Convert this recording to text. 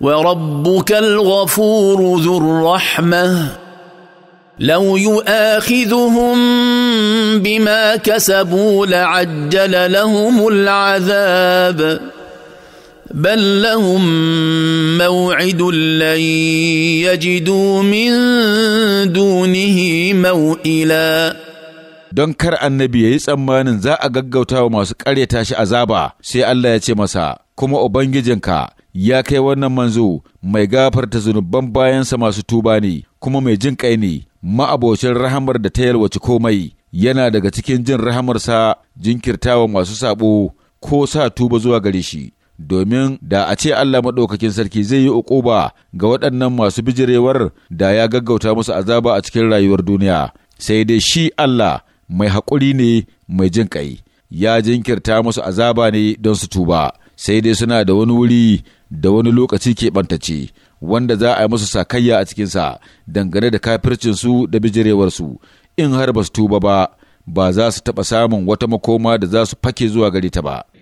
وربك الغفور ذو الرحمه لو يؤاخذهم بما كسبوا لعجل لهم العذاب بل لهم موعد لن يجدوا من دونه موئلا don kar annabi ya yi tsammanin za a gaggauta wa masu ƙaryata shi azaba sai Allah ya ce masa kuma ubangijinka ya kai wannan manzo mai gafarta zunuban bayansa masu tuba ne kuma mai jin kai ne ma'abocin rahamar da ta yalwaci komai yana daga cikin jin rahamarsa jinkirtawa masu sabo ko sa tuba zuwa gare shi domin da a ce Allah maɗaukakin sarki zai yi uquba ga waɗannan masu bijirewar da ya gaggauta musu azaba a cikin rayuwar duniya sai dai shi Allah mai haƙuri ne mai jin kai ya jinkirta musu azaba ne don su tuba sai dai suna da wani wuri da wani lokaci keɓantace wanda za a yi musu sakayya a cikinsa dangane da kafircinsu da bijirewarsu in har ba su tuba ba ba za su taɓa samun wata makoma da za su fake zuwa gare ta ba.